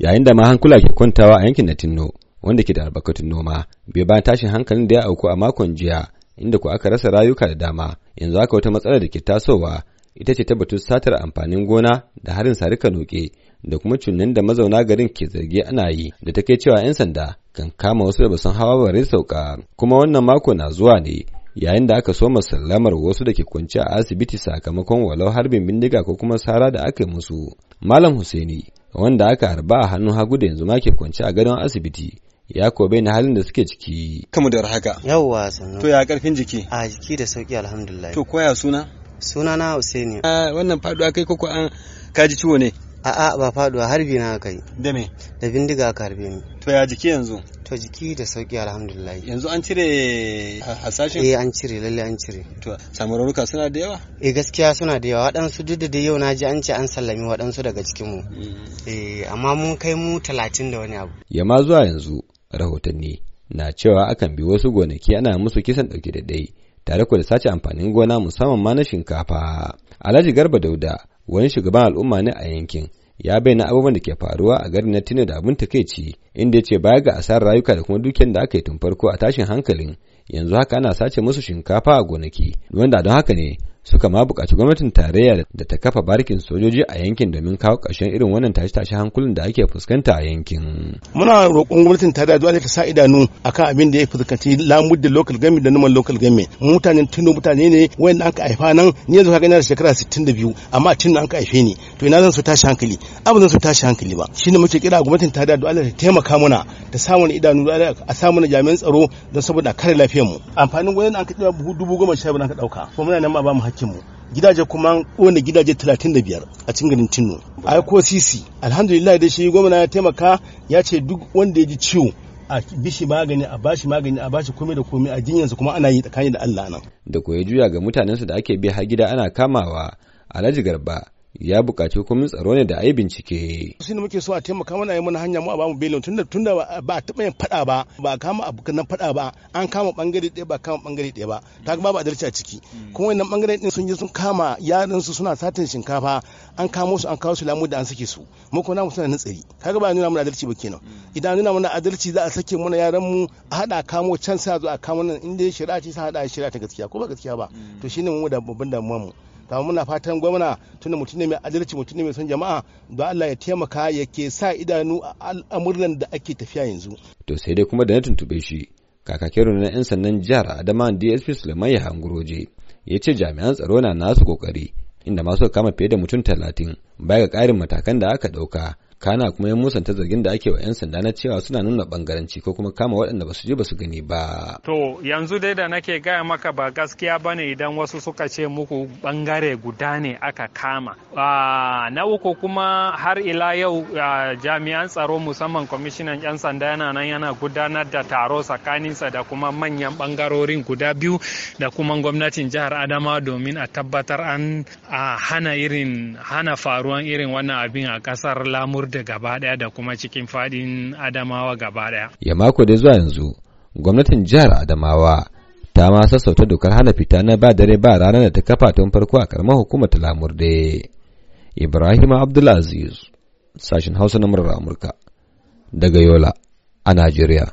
yayin da ma hankula ke kwantawa a yankin na tinno wanda ke da albarkatun noma bai bayan tashin hankalin da ya auku a makon jiya inda ku aka rasa rayuka da dama yanzu aka wata matsalar da ke tasowa ita ce ta satar amfanin gona da harin sarika noke da kuma cunin da mazauna garin ke zargi ana yi da take cewa 'yan sanda kan kama wasu da ba san hawa bare sauka kuma wannan mako na zuwa ne yayin da aka soma sallamar wasu da ke kwanci a asibiti sakamakon walau harbin bindiga ko kuma sara da aka yi musu malam husaini wanda aka harba a hannun hagu da yanzu ma ke kwance a gadon asibiti ya ko na halin da suke ciki kamu da haka yawwa sannan to ya karfin jiki a jiki da sauki alhamdulillah to koya suna suna na Usaini a wannan faduwa kai koko an kaji ciwo ne a'a ba faduwa harbi na kai da me da bindiga ka harbe ni to ya jiki yanzu to jiki da sauki alhamdulillah yanzu an cire hasashen eh an cire lalle an cire to samuraruka suna da yawa eh gaskiya suna da yawa waɗansu duk da dai yau naji an ce an sallami waɗansu daga cikin mu mm. eh amma mun kai mu talatin da wani abu yamma zuwa yanzu rahotanni na cewa akan bi wasu gonaki ana musu kisan dauke da ɗai tare da sace amfanin gona musamman ma na shinkafa alhaji garba dauda wani shugaban al'umma ne a yankin ya bayyana abubuwan da ke faruwa a garin na Tino da abin takaici inda ya ce baya ga asar rayuka da kuma dukiyar da aka yi tun farko a tashin hankalin yanzu haka ana sace musu shinkafa a gonaki wanda don haka ne suka ma buƙaci gwamnatin tarayya da ta kafa barkin sojoji a yankin domin kawo ƙarshen irin wannan tashe-tashe hankulin da ake fuskanta a yankin. Muna roƙon gwamnatin tarayya zuwa ta sa idanu akan abin da ya fuskanci lamud da local government da numan local government. Mutanen tuno mutane ne wayanda an ka haifa nan ni yanzu kaga ina da shekara 62 amma tun an ka haife ni to ina zan so tashi hankali abu zan so tashi hankali ba shine muke kira gwamnatin tarayya da Allah ta taimaka mana ta sa mana idanu a sa mana jami'an tsaro don saboda kare lafiyar mu. Amfanin gwamnati an ka dubu goma sha an ka ɗauka kuma muna nan ma ba mu hakimu gidaje kuma kone gidaje 35 a cikin garin Tino a ko sisi alhamdulillah da shi gwamna ya taimaka ya ce duk wanda ya ji ciwo a bishi magani a bashi magani a bashi komai da komai a jinyansa kuma ana yi tsakani da Allah nan da koyi juya ga mutanensu da ake bi har gida ana kamawa Alhaji Garba ya bukaci hukumin tsaro ne da a yi bincike. Sun muke so a taimaka mana yi mana hanya mu a bamu belin tunda tunda ba a taɓa yin faɗa ba ba a kama abu kan faɗa ba an kama ɓangare ɗaya ba kama ɓangare ɗaya ba ta ga babu adalci a ciki hmm. kuma wannan ɓangare ɗin sun je sun kama yaran su suna satin shinkafa an kamo su an kawo su lamu da an sake su mu kuma namu suna nan tsari kaga ba nuna mana adalci ba kenan. Hmm. idan nuna mana adalci za a sake mana yaran mu a hada kamo can sai zuwa zo a kamo nan inda shari'a ce sai hada shari'a ta gaskiya ko ba gaskiya ba mm. to shine mun da babban damuwa mu kamar muna fatan gwamna tunda mutum ne mai adalci mutum ne mai son jama'a don Allah ya taimaka ya ke sa idanu a al'amuran da ake tafiya yanzu. To sai dai kuma da na tuntube shi kakakin na 'yan sannan jihar Adama da DSP ya Yahanguroje ya ce jami'an tsaro na nasu kokari inda masu kama fiye da mutum talatin baya ga karin matakan da aka ɗauka kana kuma ya musanta zargin da ake wa 'yan sanda na cewa suna nuna bangaranci ko kuma kama waɗanda ba su je ba su gani ba. To yanzu dai da nake gaya maka ba gaskiya ba ne idan wasu suka ce muku bangare guda ne aka kama. Ah, na uku kuma har ila yau ah, jami'an tsaro musamman kwamishinan 'yan sanda yana nan yana gudanar da taro tsakaninsa da kuma manyan bangarorin guda biyu da kuma gwamnatin jihar Adama domin a tabbatar an hana irin hana faruwan irin wannan abin a kasar lamur da gaba daya da kuma cikin fadin adamawa gaba daya ya mako da zuwa yanzu gwamnatin jihar adamawa ta ma sassauta dokar hana fita na ba dare ba rana da ta kafa tun farko a karamar hukumar talamurde ibrahim abdulaziz sashen hausa na murar amurka daga yola a najeriya